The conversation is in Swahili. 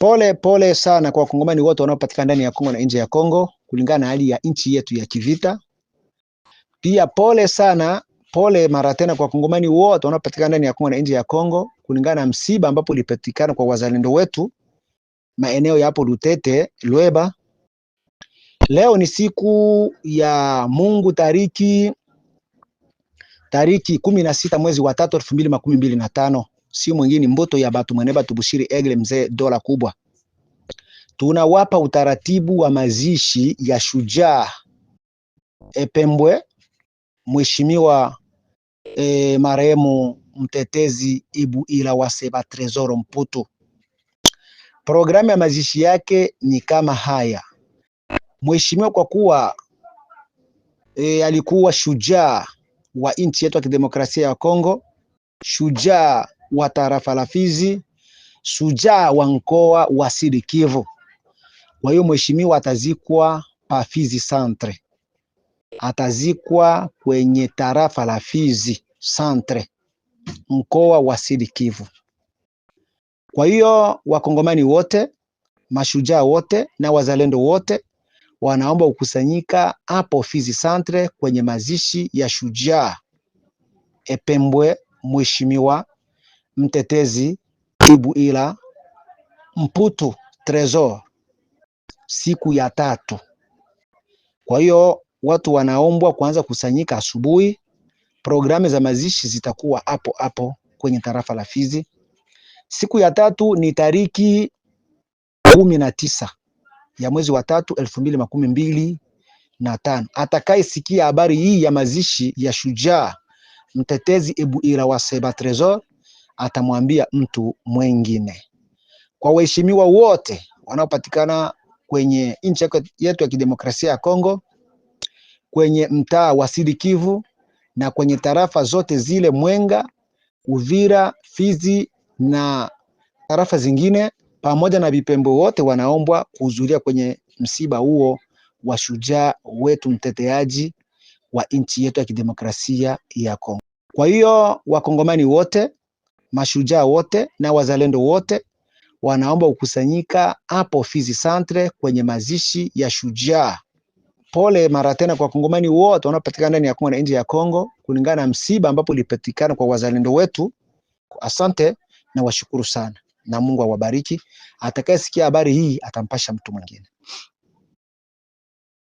Pole pole sana kwa wakongomani wote wanaopatikana ndani ya Kongo na nje ya Kongo kulingana na hali ya nchi yetu ya kivita. Pia pole sana, pole mara tena kwa wakongomani wote wanaopatikana ndani ya Kongo na nje ya Kongo kulingana na msiba ambapo ulipatikana kwa wazalendo wetu maeneo ya hapo Lutete, Lweba. Leo ni siku ya Mungu tariki tariki kumi na sita mwezi wa tatu elfu mbili makumi mbili na tano si mwingine mboto ya batu mwene batu busiri egle mzee dola kubwa. Tunawapa utaratibu wa mazishi ya shujaa Epembwe mheshimiwa e, eh, marehemu mtetezi Ibuila ila waseba Trezoro Mputu. Programu ya mazishi yake ni kama haya. Mheshimiwa kwa kuwa e, alikuwa shujaa wa nchi yetu ya kidemokrasia ya Kongo, shujaa wa tarafa la Fizi, shujaa wa mkoa wa Sud Kivu. Kwa hiyo mheshimiwa atazikwa pa Fizi Centre, atazikwa kwenye tarafa la Fizi Centre, mkoa wa Sud Kivu. Kwa hiyo wakongomani wote, mashujaa wote na wazalendo wote wanaomba kukusanyika hapo Fizi Centre kwenye mazishi ya shujaa Epembwe mheshimiwa Mtetezi Ibuila Mputu Tresor siku ya tatu. Kwa hiyo watu wanaombwa kuanza kusanyika asubuhi. Programu za mazishi zitakuwa hapo hapo kwenye tarafa la Fizi. Siku ya tatu ni tariki kumi na tisa ya mwezi wa tatu elfu mbili makumi mbili na tano. Atakayesikia habari hii ya mazishi ya shujaa mtetezi Ebuira wa Seba Tresor atamwambia mtu mwengine. Kwa waheshimiwa wote wanaopatikana kwenye nchi yetu ya kidemokrasia ya Kongo, kwenye mtaa wa Sud Kivu na kwenye tarafa zote zile Mwenga, Uvira, Fizi na tarafa zingine, pamoja na vipembo wote wanaombwa kuhudhuria kwenye msiba huo wa shujaa wetu mteteaji wa nchi yetu ya kidemokrasia ya Kongo. Kwa hiyo wakongomani wote mashujaa wote na wazalendo wote wanaomba kukusanyika hapo Fizi Centre kwenye mazishi ya shujaa. Pole mara tena kwa Kongomani wote wanaopatikana ndani ya Kongo na nje ya Kongo kulingana na msiba ambapo ulipatikana kwa wazalendo wetu. Asante na washukuru sana, na Mungu awabariki. Atakayesikia habari hii atampasha mtu mwingine.